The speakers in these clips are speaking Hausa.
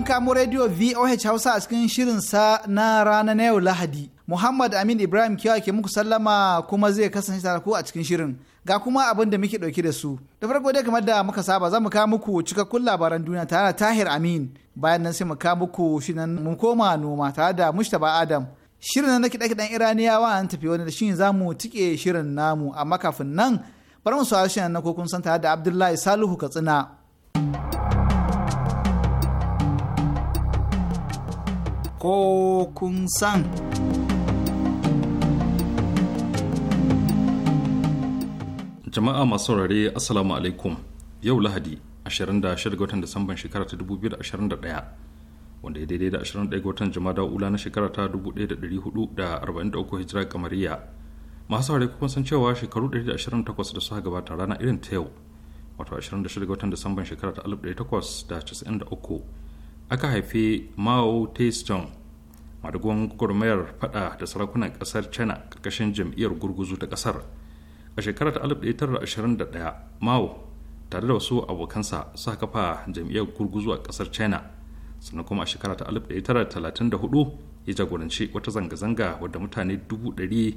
kun kamo radio VOH Hausa a cikin shirinsa na rana na yau Lahadi. Muhammad Amin Ibrahim kewa ke muku sallama kuma zai kasance tare ku a cikin shirin. Ga kuma abin da muke ɗauki da su. Da farko dai kamar da muka saba za mu kawo muku cikakkun labaran duniya tare da Tahir Amin. Bayan nan sai mu kawo muku shi nan mun koma noma tare da Mustapha Adam. Shirin na kiɗa kiɗen Iraniyawa an tafi wani da shi za mu tike shirin namu amma kafin nan bar mu shi nan na kokun san tare da Abdullahi Salihu Katsina. ko kun san. Jama'a masu saurare Assalamu alaikum yau Lahadi 26 ga watan Disamban shekara ta 2021 wanda ya daidai da 21 ga watan Jama'a ula na shekara ta 1443 hijira kamariya masu saurare kuma san cewa shekaru 128 da suka gabata rana irin ta yau wato 26 ga watan Disamban shekara ta 1893 aka haifi mao taistong madugon gwagwarmayar fada da sarakunan kasar china karkashin jam'iyyar gurguzu ta kasar a shekarar 1921 mao tare da wasu abokansa suka kafa jam'iyyar gurguzu a kasar china sannan kuma a shekara 1934 ya jagoranci wata zanga-zanga wadda mutane dubu ɗari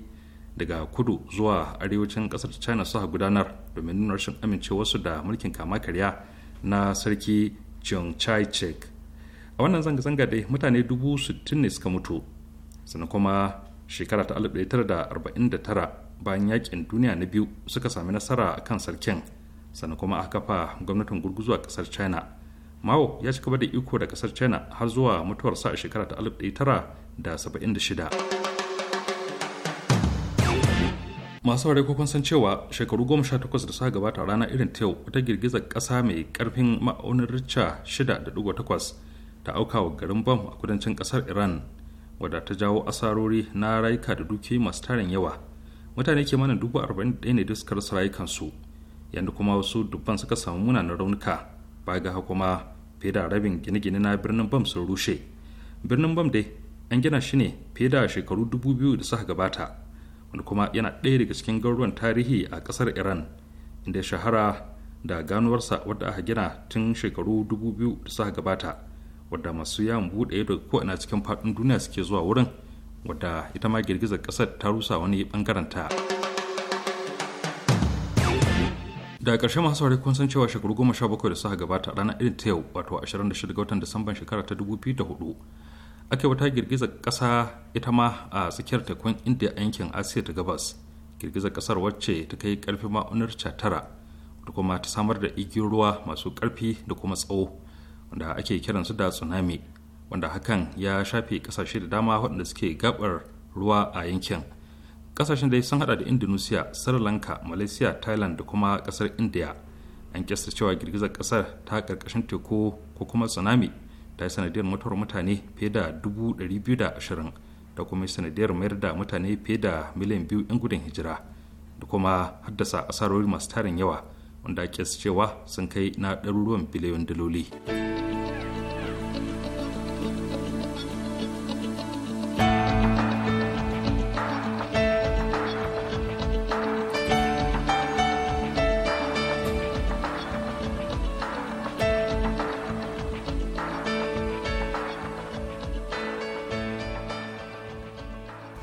daga kudu zuwa arewacin kasar china suka gudanar domin nuna rashin amincewarsu da mulkin kama karya na sarki chiang a wannan zanga-zanga dai mutane dubu sittin ne suka mutu sannan kuma shekara ta 1949 bayan yakin duniya na biyu suka sami nasara a kan sarkin sannan kuma aka kafa gwamnatin gurguzu a kasar china mao ya ci gaba da iko da kasar china har zuwa mutuwarsa a shekara ta 1976 masu ware kun san cewa shekaru goma sha takwas da suka gabata rana irin ta yau wata girgizar kasa mai karfin ma'aunin richa 6.8 ta auka wa garin bam a kudancin kasar iran wadda ta jawo asarori na rayuka da dukiyoyi masu tarin yawa mutane ke mana dubu arba'in da ne suka rasa rayukansu yadda kuma wasu dubban suka samu munanan raunuka ba ga kuma fiye da rabin gine-gine na birnin bam sun rushe birnin bam dai an gina shi ne fiye da shekaru dubu biyu da suka gabata wanda kuma yana ɗaya daga cikin garuruwan tarihi a ƙasar iran inda shahara da ganuwarsa wadda aka gina tun shekaru dubu biyu da suka gabata wadda masu yawon bude ido ko ina cikin faɗin duniya suke zuwa wurin wadda ita ma girgizar ƙasar ta rusa wani bangaren ta daga ƙarshe masu saurari kun san cewa shekaru goma sha bakwai da suka gabata ranar irin ta yau wato 26 ga watan disamban shekara ta 2004 Ake wata girgizar kasa ita ma a tsakiyar tekun indiya yankin asiya ta gabas girgizar kasar wacce ta kai ƙarfi ma'unar tara da kuma ta samar da igiyar ruwa masu ƙarfi da kuma tsawo wanda ake kiransu da tsunami wanda hakan ya shafe kasashe da dama waɗanda suke gabar ruwa a yankin kasashen dai sun hada da indonesia sri lanka malaysia thailand da kuma kasar india an kyasta cewa girgizar kasar ta karkashin teku ko kuma tsunami ta yi sanadiyar mutuwar mutane fiye da 220 da kuma sanadiyar mayar da mutane fiye da miliyan biyu 'yan gudun hijira da kuma haddasa asarori masu tarin yawa wanda ake cewa sun kai na ɗaruruwan biliyon daloli.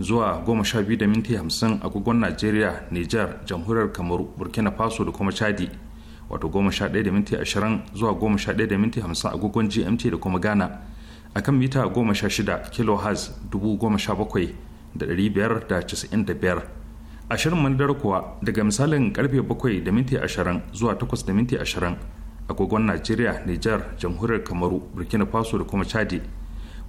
zuwa goma sha biyu da minti agogon najeriya nijar jamhuriyar kamaru burkina faso da kuma chadi wato goma sha ɗaya da minti ashirin zuwa goma sha ɗaya agogon gmt da kuma ghana akan mita goma sha shida kilohertz dubu goma sha bakwai da da da biyar ashirin mandar kuwa daga misalin karfe bakwai da minti ashirin zuwa takwas da minti ashirin agogon najeriya nijar jamhuriyar kamaru burkina faso da kuma chadi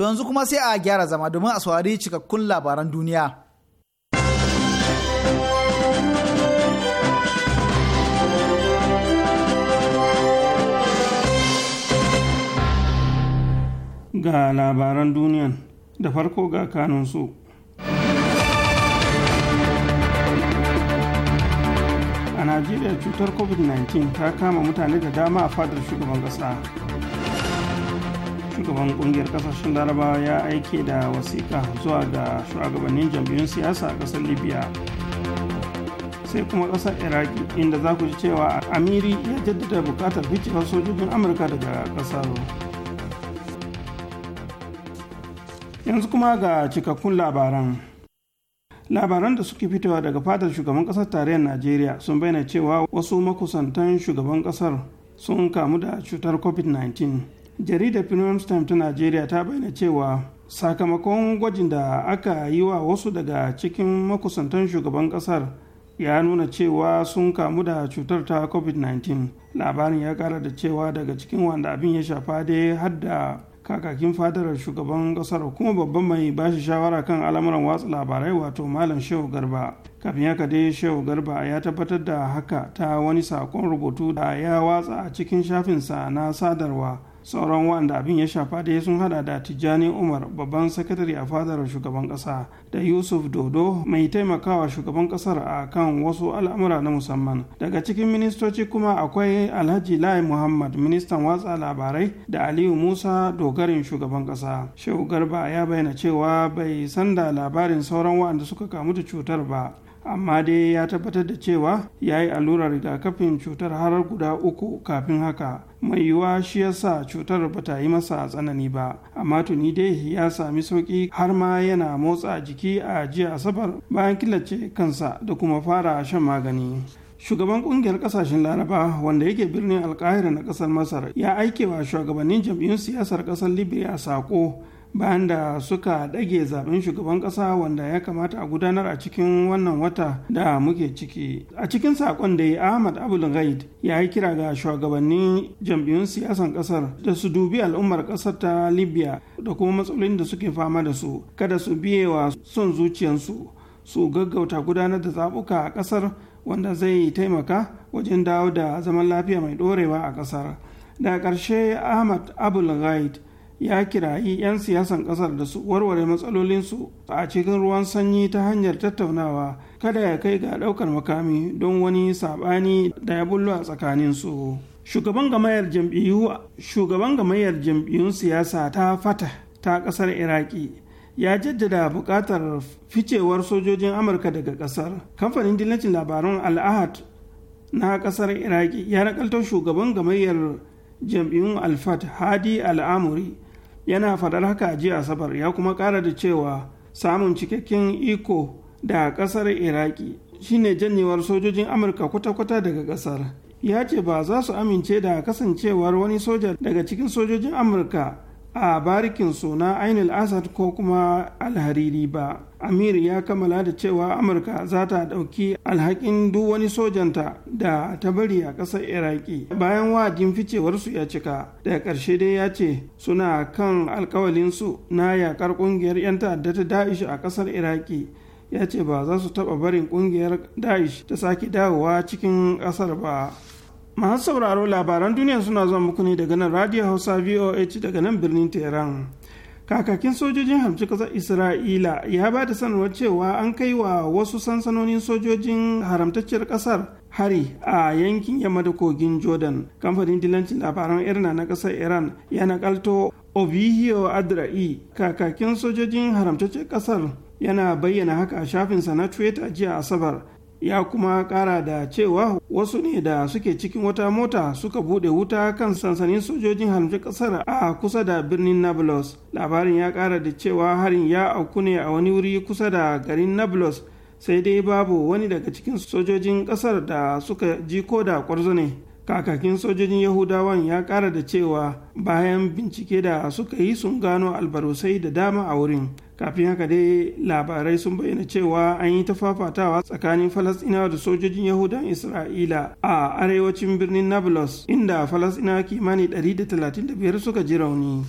To yanzu kuma sai a gyara zama domin a saurari cikakkun labaran duniya. Ga labaran duniyan da farko ga kanunsu. A Najeriya cutar COVID-19 ta kama mutane da dama a fadar shugaban ƙasa. shugaban kungiyar kasashen larabawa ya aike da wasiƙa zuwa ga shugabannin jam'iyyun siyasa a ƙasar libya sai kuma ƙasar iraki inda za ku ji cewa amiri ya jaddada buƙatar ficewar sojojin amurka daga ƙasar yanzu kuma ga cikakkun labaran labaran da suke fitowa daga fadar shugaban ƙasar tarayyar najeriya sun bayyana cewa wasu makusantan shugaban ƙasar sun kamu da cutar covid-19 jaridar premium time ta nigeria ta bayyana cewa sakamakon gwajin da aka yi wa wasu daga cikin makusantan shugaban kasar ya nuna cewa sun kamu da cutar ta covid-19 labarin ya kara da cewa daga cikin wanda abin ya shafa dai har da kakakin fadarar shugaban kasar kuma babban mai bashi shawara kan al'amuran watsa labarai wato malam shehu garba kafin haka dai shehu garba ya tabbatar da haka ta wani sakon rubutu da ya watsa a cikin shafinsa na sadarwa sauran wanda abin ya shafa da sun hada da tijjani umar babban sakatare a fadar shugaban kasa da yusuf dodo mai taimakawa shugaban kasar a kan wasu al'amura na musamman daga cikin ministoci kuma akwai alhaji lai muhammad ministan watsa labarai da aliyu musa dogarin shugaban kasa shehu garba ya bayyana cewa bai san da labarin sauran waɗanda suka kamu da cutar ba amma dai ya tabbatar da cewa ya yi allurar rigakafin cutar har guda uku kafin haka mai yiwuwa shi yasa cutar ba ta yi masa tsanani ba amma tuni dai ya sami sauki har ma yana motsa jiki a jiya asabar bayan killace kansa da kuma fara shan magani shugaban kungiyar kasashen laraba wanda yake birnin alkahira na kasar masar ya aikewa shugabannin jam'iyyun siyasar kasar libya sako bayan da suka ɗage zaben shugaban ƙasa wanda ya kamata a gudanar a cikin wannan wata da muke ciki a cikin saƙon da ya ahmad abul ghaid ya yi kira ga shugabannin jam'iyyun siyasan ƙasar da su dubi al'ummar ƙasar ta libya da kuma matsalolin da suke fama da su kada su biye wa son zuciyarsu su gaggauta gudanar da zaɓuka a ƙasar wanda zai taimaka wajen dawo da zaman lafiya mai ɗorewa a ƙasar da ƙarshe ahmad abul ghaid ya kirayi 'yan siyasan kasar da su warware matsalolinsu a cikin ruwan sanyi ta hanyar tattaunawa kada ya kai ga ɗaukar makami don wani saɓani da ya bullo a tsakaninsu shugaban gamayyar jam'iyyun siyasa ta fata ta ƙasar iraki ya jaddada buƙatar ficewar sojojin amurka daga ƙasar kamfanin dillacin labarun al'ahad na ƙasar iraki ya nakaltar shugaban gamayyar jam'iyyun alfat hadi al'amuri yana faɗar haka a jiya asabar ya kuma ƙara da cewa samun cikakken iko da ƙasar iraki shine janyewar sojojin amurka kwata-kwata daga ƙasar ya ce ba za su amince da kasancewar wani soja daga cikin sojojin amurka a barikin suna ainul asad ko kuma alhariri ba amir ya kammala da cewa amurka za ta ɗauki alhakin duk wani sojanta da ta bari a ƙasar iraki bayan wa'adin ficewarsu ya cika daga ƙarshe dai ya ce suna kan alkawalinsu na yakar ƙungiyar 'yan ta'adda ta da'ish a ƙasar iraki ya ce ba za su taɓa barin ƙungiyar da'ish ta sake dawowa cikin ƙasar ba masu sauraro labaran duniya suna zuwa muku ne daga nan radio hausa voh daga nan birnin teheran. kakakin sojojin hamshi ƙasar isra'ila ya ba da sanarwar cewa an kai wa wasu sansanonin sojojin haramtacciyar ƙasar hari a yankin yamma da kogin jordan kamfanin dilancin labaran irna na ƙasar iran ya nakalto obihio adra'i kakakin sojojin haramtacciyar ƙasar yana bayyana haka a shafinsa na twitter jiya asabar ya kuma kara da cewa wasu ne da suke cikin wata mota suka bude wuta kan sansanin sojojin halmci kasar a kusa da birnin nablus labarin ya kara da cewa harin ya auku ne a wani wuri kusa da garin nablus sai dai babu wani daga cikin sojojin kasar da suka ji ko da kwarzo ne kakakin sojojin yahudawan ya kara da cewa bayan bincike da suka yi sun gano albarusai da dama a wurin kafin haka dai labarai sun bayyana cewa an yi ta fafatawa tsakanin falasɗinawa da sojojin yahudan isra'ila a arewacin birnin nablus inda falasɗinawa kimanin 135 suka ji rauni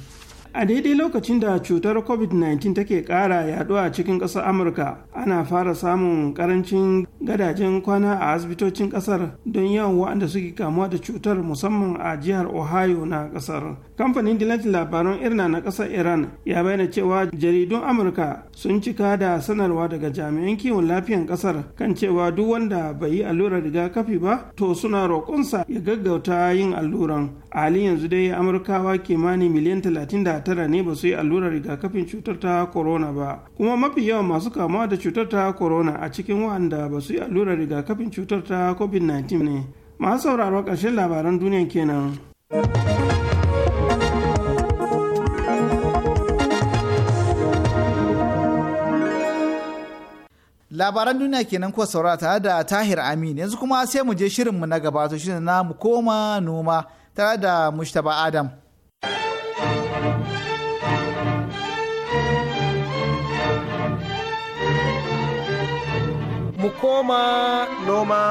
a daidai lokacin da cutar covid-19 take kara yaduwa cikin ƙasar amurka ana fara samun karancin gadajen kwana a asibitocin ƙasar don yawan waɗanda suke kamuwa da cutar musamman a jihar ohio na ƙasar kamfanin dilantin labaran irna na ƙasar iran ya bayyana cewa jaridun amurka sun cika da sanarwa daga jami'an kiwon lafiyan ƙasar kan cewa duk wanda bai yi allurar rigakafi ba to suna roƙonsa ya gaggauta yin alluran a yanzu dai amurkawa kimanin miliyan 30 tara ne ba su yi allurar rigakafin cutar ta corona ba kuma mafi yawan masu kamuwa da cutar ta corona a cikin wanda ba su yi allurar rigakafin cutar ta covid-19 ne masu sauraro ƙarshen labaran duniya kenan. labaran duniya kenan kuwa saurara tare da tahir amin yanzu kuma sai mu je shirin shirinmu na gaba to shirin na mu koma noma tare da Mustapha adam Mu koma noma.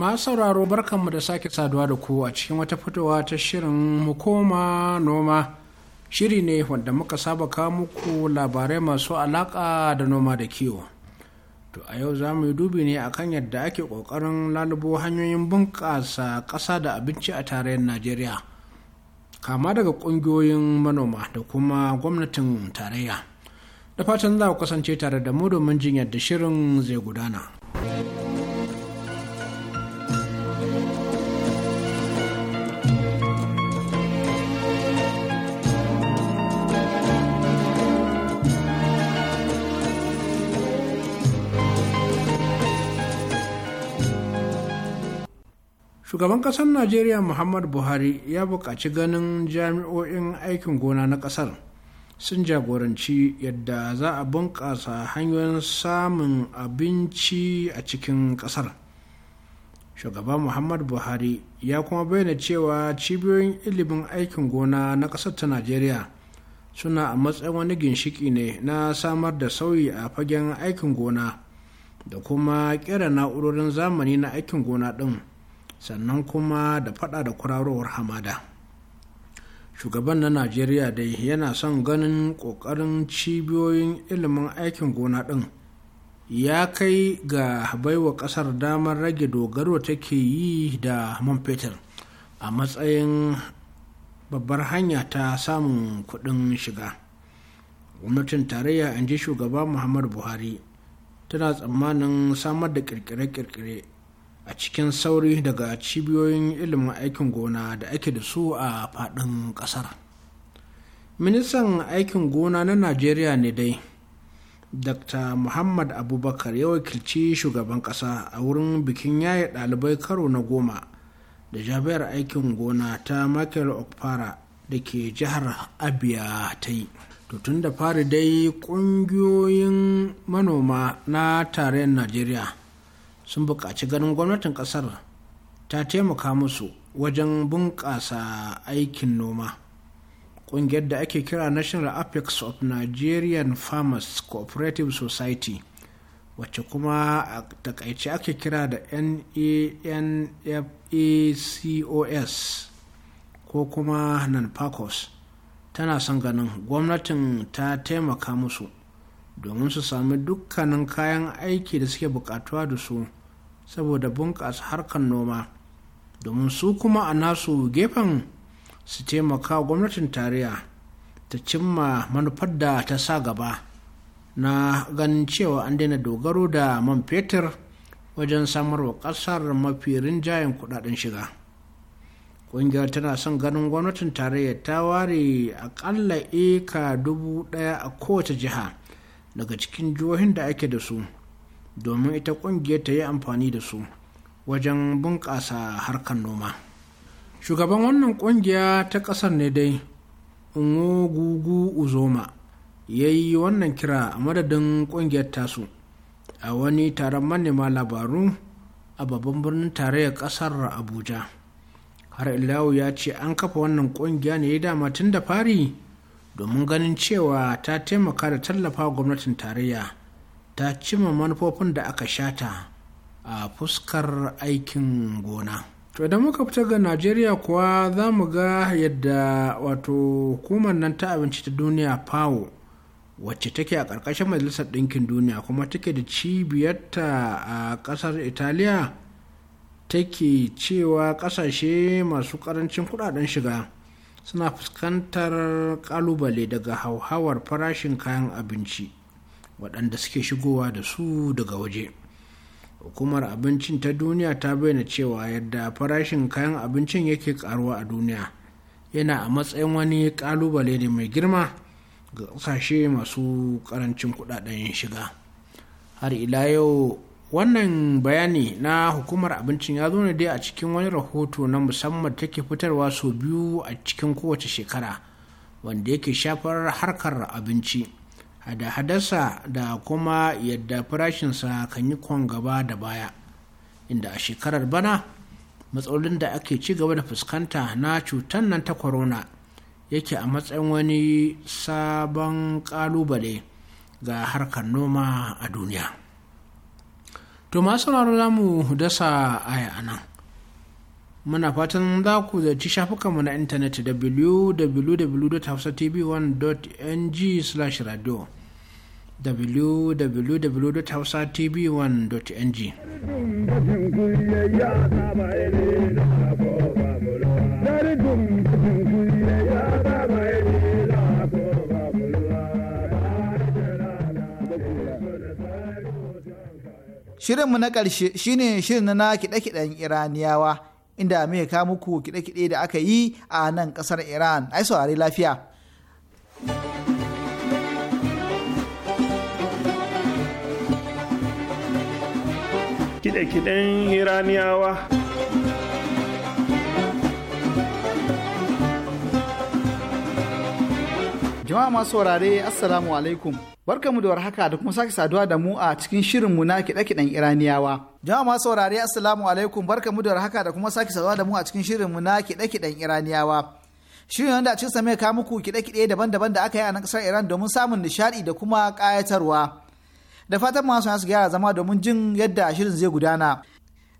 masu sauraro barkanmu da sake saduwa da ku a cikin wata fitowa ta shirin mukoma noma shiri ne wanda muka saba kawo muku labarai masu alaƙa da noma da kiwo To a yau za mu yi dubi ne a kan yadda ake kokarin lalubo hanyoyin bunƙasa ƙasa da abinci a tarayyar Najeriya. Kama daga ƙungiyoyin manoma da kuma gwamnatin tarayya. Da fatan za ku kasance tare da mu domin jin yadda shirin zai gudana. shugaban ƙasar najeriya muhammad buhari ya buƙaci ganin jami'o'in aikin gona na ƙasar sun jagoranci yadda za a bunƙasa hanyoyin samun abinci a cikin ƙasar shugaba muhammad buhari ya kuma bayyana cewa cibiyoyin ilimin aikin gona na ƙasar ta najeriya suna a matsayin wani ginshiki ne na samar da sauyi a fagen aikin gona da kuma ƙera na'urorin zamani na aikin gona ɗin sannan kuma da fada da kurarowar hamada shugaban na najeriya dai yana son ganin ƙoƙarin cibiyoyin ilimin aikin gona ɗin ya kai ga baiwa ƙasar damar rage dogaro take yi da man fetur a matsayin babbar hanya ta samun kuɗin shiga gwamnatin tarayya in ji shugaba muhammadu buhari tana tsammanin samar da kirkire-kirkire a cikin sauri daga cibiyoyin ilimin aikin gona da ake da su a faɗin ƙasar ministan aikin gona na najeriya ne dai dr muhammad abubakar ya wakilci shugaban ƙasa a wurin bikin yaye ɗalibai karo na goma da jami'ar aikin gona ta michael okpara da ke jihar abia ta yi to tun da fari dai ƙungiyoyin manoma na tarayyar najeriya sun buƙaci ganin gwamnatin ƙasar ta taimaka musu wajen bunƙasa aikin noma ƙungiyar da ake kira national apex of nigerian farmers cooperative society wacce kuma a takaice ake kira da nanfacos ko kuma nanfacos tana son ganin gwamnatin ta taimaka musu domin su sami dukkanin kayan aiki da suke bukatuwa da su saboda bunƙasa harkar noma domin su kuma a nasu gefen su taimaka gwamnatin tarayya ta cimma manufar da ta sa gaba na ganin cewa an daina dogaro da man fetur wajen samarwa ƙasar mafi rinjayen kudaden shiga ƙungiyar tana son ganin gwamnatin tarayya ta ware akalla eka dubu ɗaya a kowace jiha daga cikin jihohin da ake da su domin ita ƙungiyar ta yi amfani da su wajen bunƙasa harkar noma shugaban wannan ƙungiya ta ƙasar ne dai gugu uzoma ya yi wannan kira a madadin ƙungiyar tasu a wani taron manema labaru a babban birnin tarayyar ƙasar abuja har ilawu ya ce an kafa wannan ƙungiya ne ya dama tun da fari domin ganin cewa ta taimaka da tallafa gwamnatin tarayya ta cima manufofin da aka shata a fuskar aikin gona to idan muka fita ga najeriya kuwa za mu ga yadda wato hukumar nan ta abinci ta duniya fawo wacce take a ƙarƙashin majalisar ɗinkin duniya kuma take da cibiyarta a ƙasar italiya take cewa ƙasashe masu ƙarancin kuɗaɗen shiga suna fuskantar kalubale daga hauhawar farashin kayan abinci waɗanda suke shigowa da su daga waje hukumar abincin ta duniya ta bayyana cewa yadda farashin kayan abincin yake karuwa a duniya yana a matsayin wani kalubale ne mai girma ga ƙasashe masu ƙarancin kuɗaɗen shiga har ila yau wannan bayani na hukumar abincin ya zo ne dai a cikin wani rahoto na musamman take fitarwa sau biyu a cikin kowace shekara wanda yake shafar harkar abinci hada hadasa da kuma yadda farashinsa kan yi kwan gaba da baya inda a shekarar bana matsalolin da ake ci gaba da fuskanta na cutar nan ta corona yake a matsayin wani sabon kalubale ga harkar noma a duniya. to masu za mu dasa aya a nan muna fatan za ku zaci shafukanmu na intanet www.hausatv1.ng/radio www.hausatv1.ng Dari dum shirin mu na ƙarshe shine shirin na kiɗe-kiɗen Iraniyawa inda mai ka muku kiɗe-kiɗe da aka yi a nan ƙasar Iran. Ai saurari lafiya. Kiɗe-kiɗen Iraniyawa. Jama'a masu saurare Assalamu alaikum. Barkamu da warhaka da kuma sake saduwa da mu a cikin shirinmu na kiɗe-kiɗen Iraniyawa. Jama'a masu saurare Assalamu alaikum. Barkamu da warhaka da kuma sake saduwa da mu a cikin shirinmu na kiɗe-kiɗen Iraniyawa. Shirin wanda a cikin sa mai muku kiɗe-kiɗe daban-daban da aka yi a nan ƙasar Iran domin samun nishaɗi da kuma ƙayatarwa. Da fatan masu su gyara zama domin jin yadda shirin zai gudana.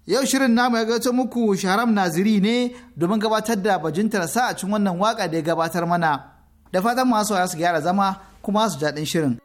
Yau shirin namu ya gaito muku Sharam Naziri ne domin gabatar da sa a cikin wannan waka da ya gabatar mana. da fatan masu su gyara zama kuma su daɗin shirin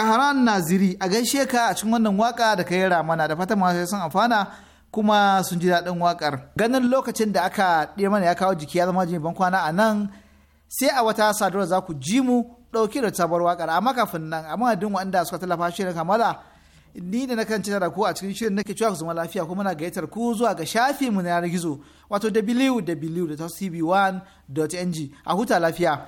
Jaharan Naziri a gaishe ka a cikin wannan waka da ka ra mana da fatan masu sun amfana kuma sun ji daɗin wakar. Ganin lokacin da aka ɗi mana ya kawo jiki ya zama ban kwana a nan sai a wata sadarwa za ku ji mu ɗauki da sabuwar wakar amma kafin nan amma waɗanda wanda suka tallafa shirin kamala ni da nakan ci ku a cikin shirin nake cewa ku zama lafiya kuma na gayyatar ku zuwa ga shafi mu na yanar gizo wato wwwcb 1ng a huta lafiya.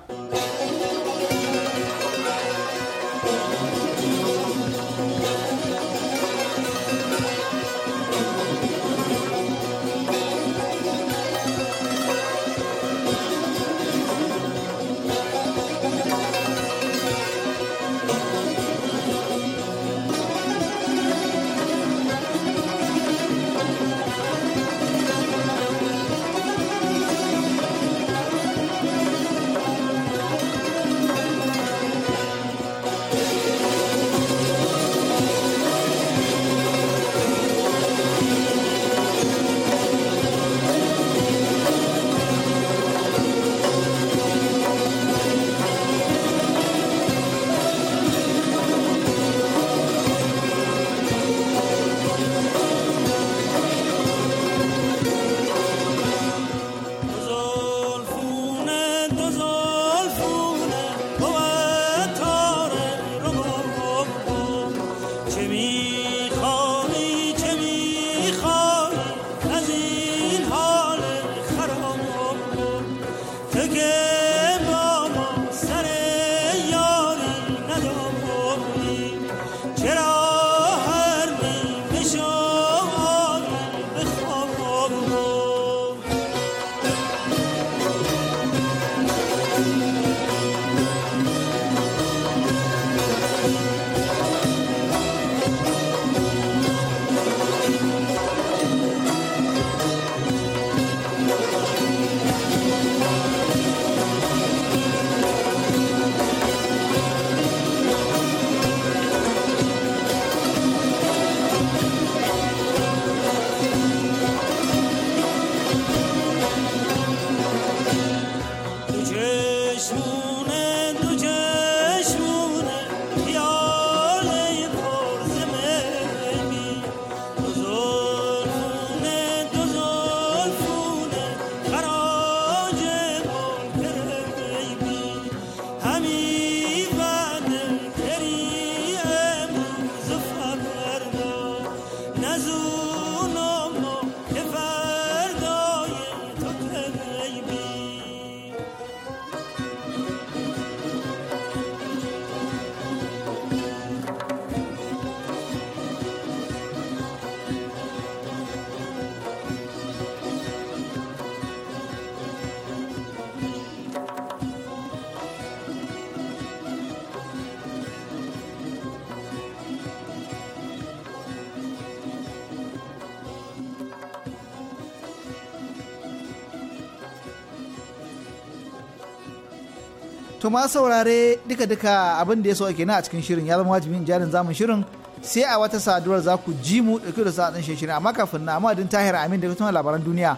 to ma saurare duka-duka abin da ya so ake na a cikin shirin ya zama wajibin jarin zamun shirin sai a wata saduwar za ku ji mu ɗauki da sa'adin shirin amma kafin na amma din tahir amin da kuma labaran duniya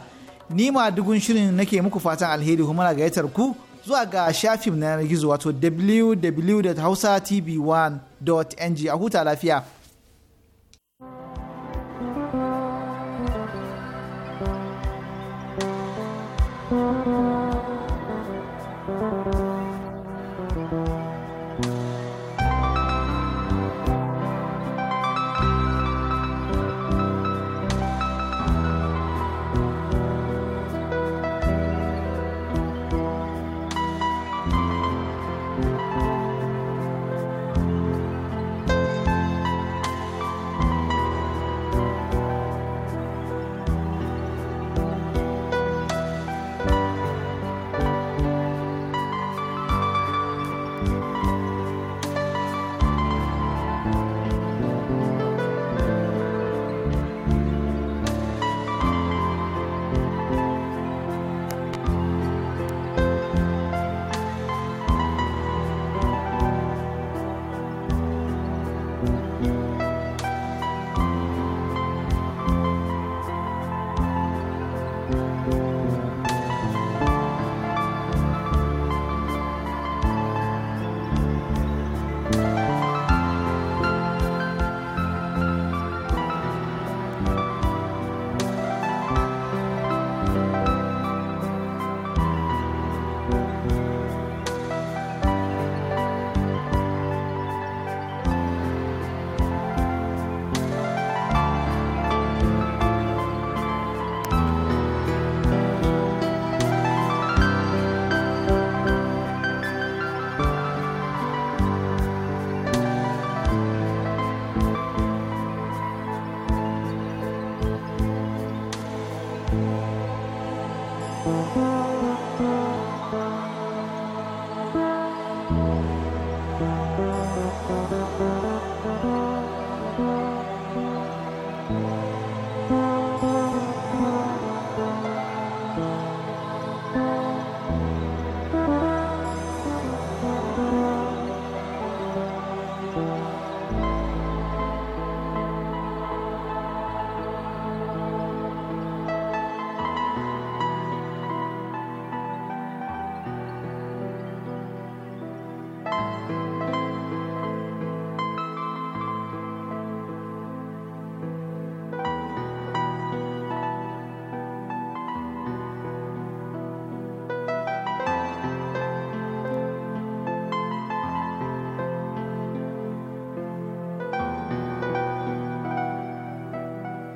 ni ma dugun shirin nake muku fatan alheri kuma na gayyatar ku zuwa ga shafin na gizo wato www.hausatv1.ng a huta lafiya.